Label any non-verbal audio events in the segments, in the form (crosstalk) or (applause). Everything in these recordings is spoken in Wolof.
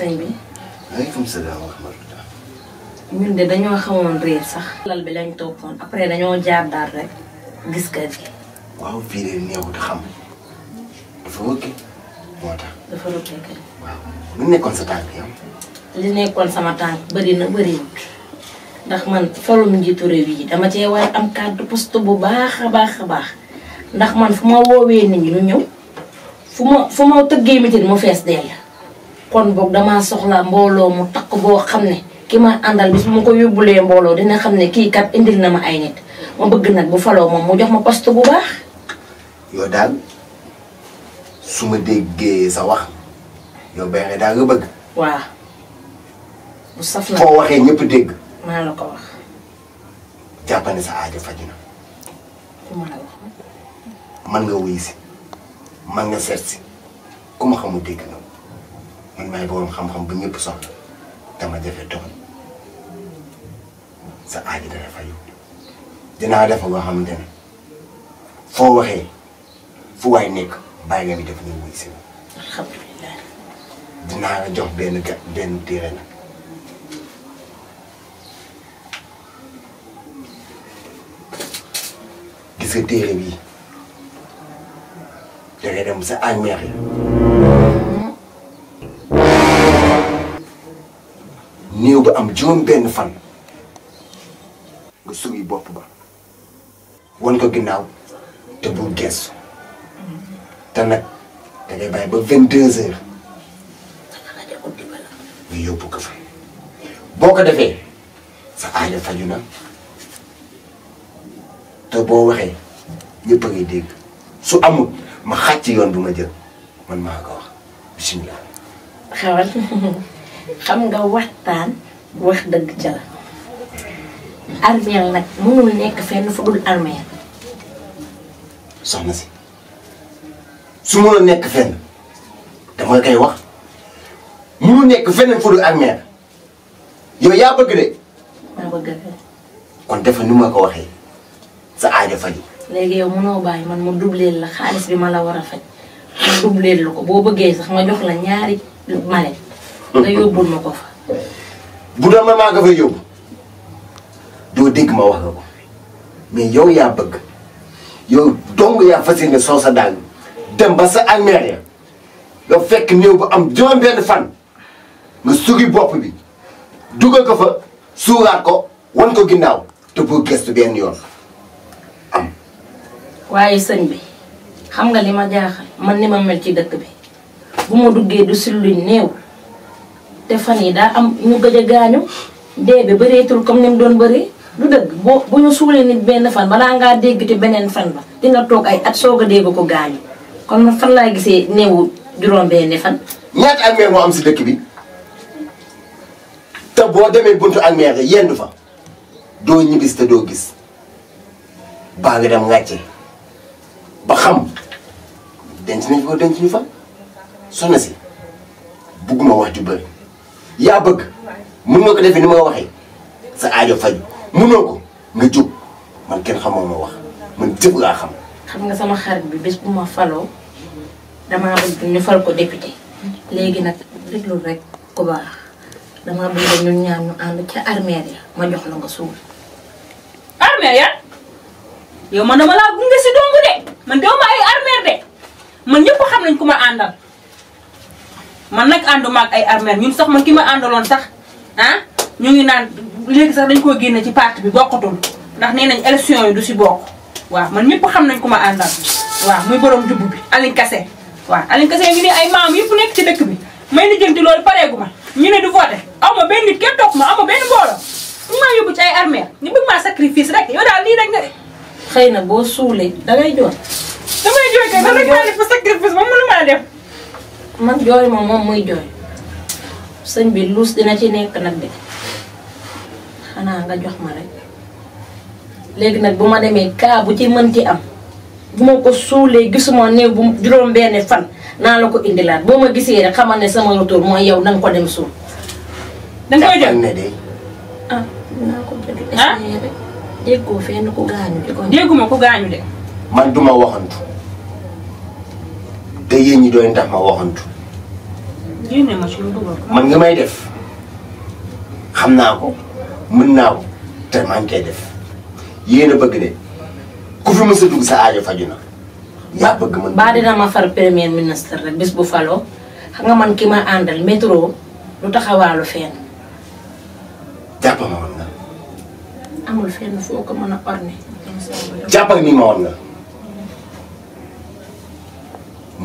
sëñ bi. maaleykum de dañoo xamoon réer sax. lal bi lañ toppoon après dañoo jaar gis kër gi. waaw fii nekkoon sa tànk li nekkoon sama tànk bëri na bëriwut ndax man falum njiitu réew yi dama cee war am kàddu poste bu baax a baax a baax ndax man fu ma woowee nit ñi ñu ñëw fu ma fu ma tëggee mitin mu fees dell kon boog damaa soxla mbooloo mu takk boo xam ne ki ma àndal su mu ko yóbbulee mbooloo dina xam ne kii kat indil na ma ay nit ma bëgg nag bu faloo moom mu jox ma poste bu baax. yow daal su ma déggee sa wax yow Bexe daa nga bëgg. waaw. bu saf waxee ñëpp dégg. sa aajo faj na. ma la wax. man nga wuyu si man nga seet si ku xamul dégg na. man maay boroom xam-xam bu ñëpp soxla dama jafe tooñ sa aaji dana fayu dinaa defa loo xamante ne foo waxee fu waay nekk bàyyi nga def ñu wuy si alhamdulilah dinaa la jox téere nag gis nga téere bi da ngay dem sa almeer yi néew ba am juróom benn fan nga suubi bopp ba wan ko ginnaaw te bul geesu te nag da ngay bàyyi ba vingt deux heures nga yóbbu ko fa boo ko defee sa aajo faju na te boo waxee ñëpp a ngi dégg su amul ma xàcc yoon bu ma jël man maa ko wax bisimilah. xawal. xam nga waxtaan wax dëgg ca la armeel nag mënul nekk fenn fu armeel soxna si su mënul nekk fenn dama koy wax mu nekk fenn fu dul armeel yow yaa bëgg de maa bëgg kon dafa nu ma ko waxee sa aajo faju léegi yow mënoo bàyyi man mu dubleel la xaalis bi ma la war a faj mu dubleel la ko boo bëggee sax ma jox la ñaari male nga yóbbul ma ko fa. bu doon man maa nga fay yóbbu doo dégg ma wax la ko mais yow yaa bëgg yow dong yaa fas yéene soo sa daal dem ba sa almeer ya nga fekk néew bu am juróom benn fan nga sugi bopp bi dugal ko fa suuraat ko wan ko ginnaaw te pour gestu benn yoon am. waaye sëñ bi xam nga li ma jaaxal man ni ma mel ci dëkk bi bu duggee du si néew. te fan yi daa am ñu gëj a gaañu dee bi bëreetul comme ni mu doon bari du dëgg boo bu ñu suulee nit benn fan balaa ngaa dégg te beneen fan ba di toog ay at soog a dégg ko gaañu kon fan laa gisee néewu juróom-benni fan. ñaata almeer moo am si dëkk bi te boo demee buntu almeer yi yendu fa doo ñibbis te doo gis baa nga dem ngàcce ba xam denc nañ fa denc ñu fa soxna si bugguma wax ju bëri. yaa bëgg mun nga ko defee ni ma waxee sa aajo faju munoo ko nga jóg man kenn xamoo ma wax man jëf laa xam. xam nga sama xarit bi bés bu ma faloo damaa bëgg ñu fal léegi nag déglu ànd ca armeel ya ma jox la nga suul. armeel ya yow man dama laa gunge si dongu de man dama ay armeel de man ñëpp xam nañ ku ma àndal. man nag ànduma ak ay armeel ñun sax man kii ma àndaloon sax ah ñu ngi naan léegi sax dañ koo génne ci parti bi bokkatul ndax nee nañ élection yi du si bokk waaw man ñépp xam nañ ku ma àndal waaw muy borom jubb bi Aline Kassé waaw Aline Kassé ngi ne ay maam yëpp nekk ci dëkk bi may ni jënti loolu pareegu ma ñu ne du voté aw ma benn nit kenn toog ma aw ma benn mbooloo ñu maa yóbbu ci ay armeel ñu bëgg maa sacrifice rek yow daal lii rek nga xëy na boo suulee dangay jooy damay jooy kay damay def sacrifice ba mënu maa man jooy ma moom muy jooy sëñ bi luus dina ci nekk nag de xanaa nga jox ma rek léegi nag bu ma demee kaa bu ci mënti am bu ma ko suulee gisuma néew bu juróom benn fan naa la ko indilaat boo ma gisee rek xamal ne sama retour mooy yow danga ko dem suul. danga koy jël ne de. ah dinaa ko bëgg ah? fenn ku gaañu de. dégguma ku gaañu de. man duma waxantu. te yéen ñi doon tax ma waxantu. man nga may def xam naa ko mën naaw te maa ngi koy def yéen a bëgg de ku fi mës a dugg sa aajo faju na yaa bëgg man. ba dina ma far premier ministre rek bis bu faloo xam nga man ki ma àndal métro lu taxawaalu fenn. jàpp ma woon nga. amul fenn foo ko mën a orne. jàppal ni ma woon nga.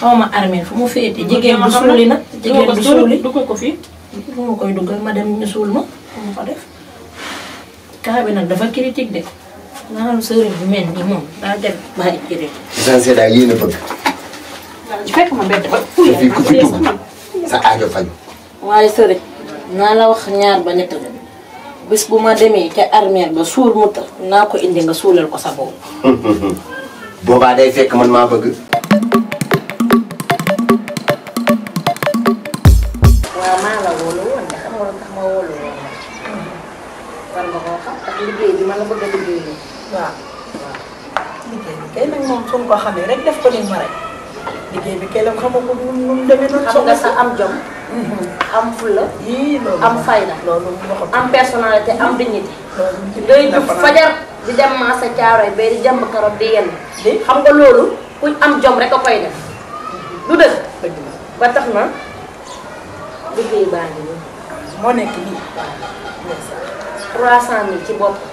xaw ma armee fu mu féete. jigéen bu suuli nag jigéen bu suuli dugg ko fi. fu ma koy duggal ma dem ñu ko dafa critique de maanaam bu mel nii moom daa dem bàyyi jëriñ. essentiel daal a fii sa aajo faju. waaye sëriñ naa la wax ñaar ba ñett bis bu ma demee ca armeel ba suul mu naa ko indi nga suulal ko sa bopp. (laughs) boobaa day fekk man maa bëgg. ma la bëgg a liggéeyee. waaw waaw. liggéey bi kay nag moom suñ ko xamee rek def ko ni mu rek liggéey bi kay la xamoo ko nu mu demee noonu. xam nga sa am jom. Mhm. am fulla. yii loolu am fayda. loolu am personnalité am mhm. dignité. loolu day jub fajar di dem maasa caaroy bee di jàmb karoot di yenn. xam nga loolu kuñ am jom rek a koy def. Mhm. du dëgg. dëgg ba tax na liggéey baa ngi nii. moo nekk nii. 300000 ci bopp.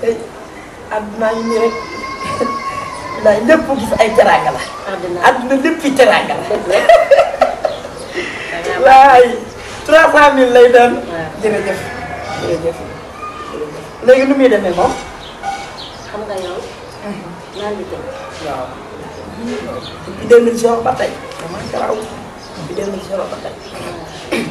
tey àdduna yi nii rek laay lépp gis ay teraanga la. àdduna lépp yi teraanga la. (laughs) waay 300000 lay doon. jërëjëf jërëjëf jërëjëf. léegi nu muy demee moom. xam nga yow. naan mhm. bi tey. waaw. depuis 2000 ba tey. depuis 2000 ba tey.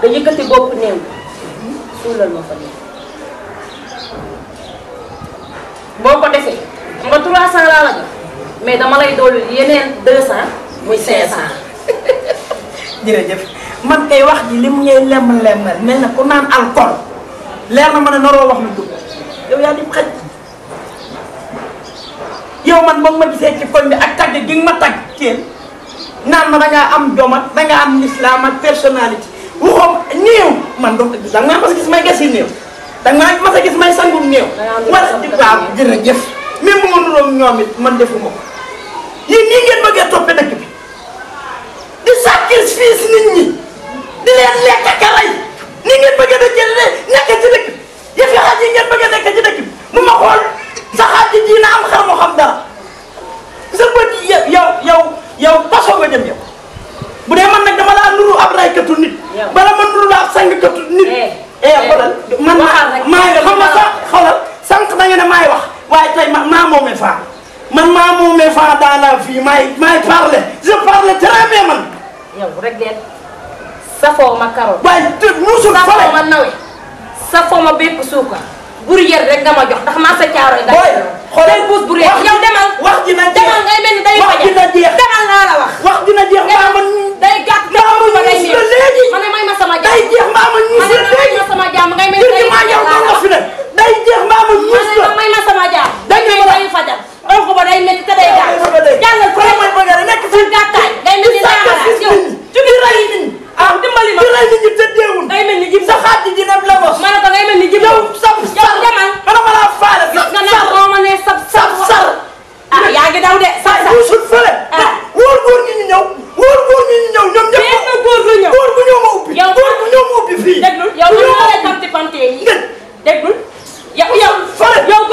nga yëkëti bop neew suulal ma fa ni boko défé defee nga 300 la la mais dama lay dolli yenen 200 muy 500. jëf man kay wax ji li mu lem lem lemmal mel ku naan alcool leer na mëna ne wax lu dugg yow ya di xaj yow man ba ma gisé ci koñ bi ak tag gi ma tag ciel naan ma nga am jomat da nga am islam ak personnalité. waxoom néew man doo da nga maa gis may ges yi néew da nga maa mas gis may sangum néew wala waaw gën a jëf même bu ma nuroom ñoom man defu ma ko yéen nii ngeen bëggee toppee dëkk bi di sacrifice nit ñi maay maay parle je parle très bien man. yow rek de safoo ma karoot. waaye te musul fële safoo ma nawe. safoo ma bépp suukar. broullette rek nga ma jox ndax maa sa caaro nga. booy xoolal tey buus broullette yow demal. wax ji nañ day mel ni tëddeewul. day mel ni jib sa xaaj ji dem la mos. ma ne ko day mel ni jib yow sab sar demal. ma ne ma laa faale. sab sar nga ne ma ne sab sab sar. ah yaa ngi daw de sab sar. buusul fële. ah wóor góor ñi ñu ñëw. wóor góor ñi ñu ñëw ñoom ñëpp. benn góor du ñëw góor bu ñëw ma ubbi. yow góor bu ñëw ma ubbi fii. déglul yow man ma lay tamti pante yi. déglul yow yow. fële yow